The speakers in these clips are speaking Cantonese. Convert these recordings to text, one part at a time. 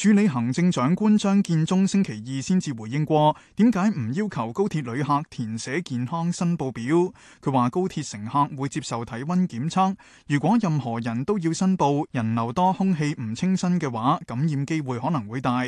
署理行政長官張建宗星期二先至回應過，點解唔要求高鐵旅客填寫健康申報表？佢話高鐵乘客會接受體溫檢測，如果任何人都要申報，人流多、空氣唔清新嘅話，感染機會可能會大。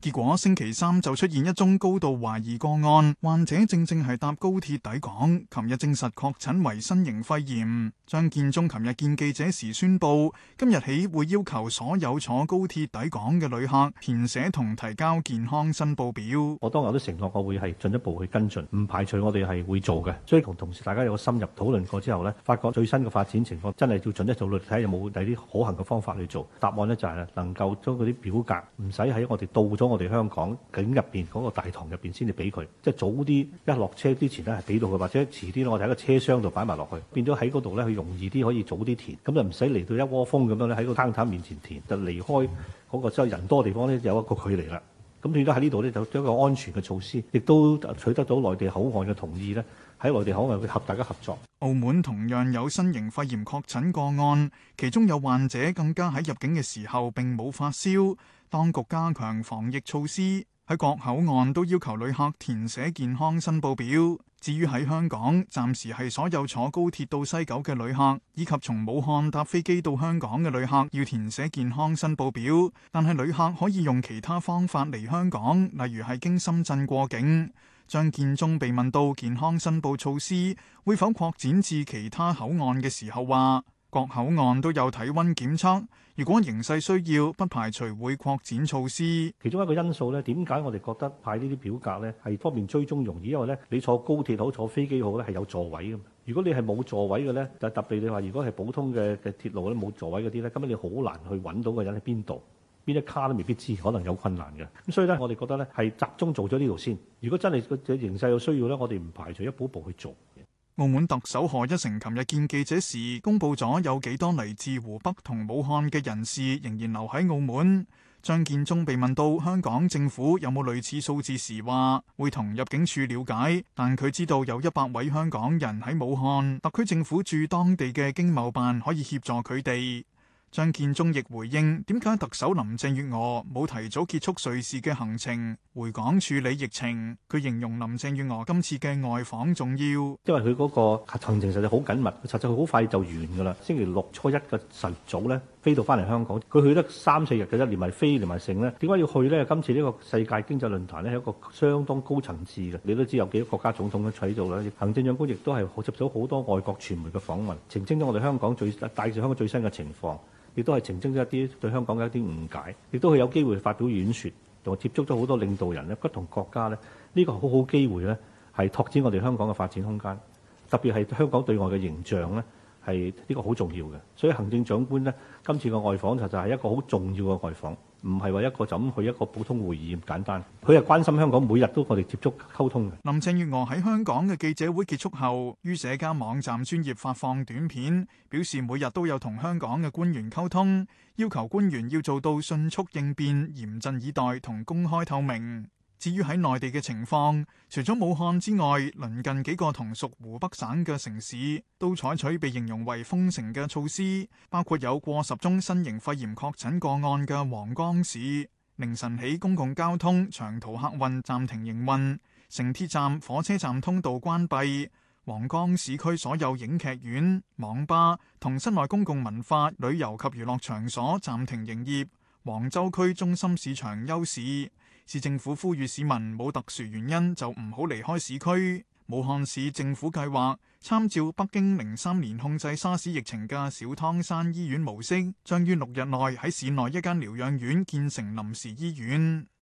結果星期三就出現一宗高度懷疑個案，患者正正係搭高鐵抵港。琴日證實確診為新型肺炎。張建宗琴日見記者時宣佈，今日起會要求所有坐高鐵抵港嘅旅客。填寫同提交健康申報表，我當日都承諾，我會係進一步去跟進，唔排除我哋係會做嘅。所以同同時，大家有個深入討論過之後咧，發覺最新嘅發展情況真係要進一步去睇下有冇第啲可行嘅方法去做。答案咧就係咧能夠將嗰啲表格唔使喺我哋到咗我哋香港境入邊嗰個大堂入邊先至俾佢，即係早啲一落車之前咧係俾到佢，或者遲啲我哋喺個車廂度擺埋落去，變咗喺嗰度咧佢容易啲可以早啲填，咁就唔使嚟到一窩蜂咁樣咧喺個攤攤面前填，就離開嗰個之後人多。地方呢，有一個距離啦，咁變都喺呢度呢，就將一個安全嘅措施，亦都取得到內地口岸嘅同意呢，喺內地口岸會合大家合作。澳門同樣有新型肺炎確診個案，其中有患者更加喺入境嘅時候並冇發燒，當局加強防疫措施。喺各口岸都要求旅客填寫健康申報表。至於喺香港，暫時係所有坐高鐵到西九嘅旅客，以及從武漢搭飛機到香港嘅旅客要填寫健康申報表。但係旅客可以用其他方法嚟香港，例如係經深圳過境。張建宗被問到健康申報措施會否擴展至其他口岸嘅時候，話。各口岸都有體温檢測，如果形勢需要，不排除會擴展措施。其中一個因素咧，點解我哋覺得派呢啲表格咧係方便追蹤容易？因為咧，你坐高鐵好，坐飛機好咧，係有座位㗎。如果你係冇座位嘅咧，但係特別你話如果係普通嘅嘅鐵路咧冇座位嗰啲咧，咁樣你好難去揾到人個人喺邊度，邊一卡都未必知，可能有困難嘅。咁所以咧，我哋覺得咧係集中做咗呢度先。如果真係個形勢有需要咧，我哋唔排除一步一步一步去做。澳門特首賀一誠琴日見記者時，公布咗有幾多嚟自湖北同武漢嘅人士仍然留喺澳門。張建宗被問到香港政府有冇類似數字時，話會同入境處了解，但佢知道有一百位香港人喺武漢，特區政府駐當地嘅經貿辦可以協助佢哋。張建宗亦回應：點解特首林鄭月娥冇提早結束瑞士嘅行程回港處理疫情？佢形容林鄭月娥今次嘅外訪重要，因為佢嗰個行程實在好緊密，實際佢好快就完噶啦。星期六初一嘅晨早咧，飛到翻嚟香港，佢去得三四日嘅，一連埋飛連埋成咧。點解要去呢？今次呢個世界經濟論壇咧係一個相當高層次嘅，你都知有幾多國家總統都取喺度。行政長官亦都係接受咗好多外國傳媒嘅訪問，澄清咗我哋香港最帶住香港最新嘅情況。亦都係澄清咗一啲對香港嘅一啲誤解，亦都係有機會發表演說，同埋接觸咗好多領導人咧，不同國家咧，呢、這個好好機會咧，係拓展我哋香港嘅發展空間，特別係香港對外嘅形象咧。係呢個好重要嘅，所以行政長官呢，今次個外訪其實係一個好重要嘅外訪，唔係話一個就去一個普通會議咁簡單。佢係關心香港，每日都我哋接觸溝通嘅。林鄭月娥喺香港嘅記者會結束後，於社交網站專頁發放短片，表示每日都有同香港嘅官員溝通，要求官員要做到迅速應變、嚴陣以待同公開透明。至於喺內地嘅情況，除咗武漢之外，鄰近幾個同屬湖北省嘅城市都採取被形容為封城嘅措施，包括有過十宗新型肺炎確診個案嘅黃岡市，凌晨起公共交通長途客運暫停營運，城鐵站、火車站通道關閉。黃岡市區所有影劇院、網吧同室內公共文化旅遊及娛樂場所暫停營業。黃州區中心市場休市。市政府呼籲市民冇特殊原因就唔好離開市區。武漢市政府計劃參照北京零三年控制沙士疫情嘅小湯山醫院模式，將於六日內喺市內一間療養院建成臨時醫院。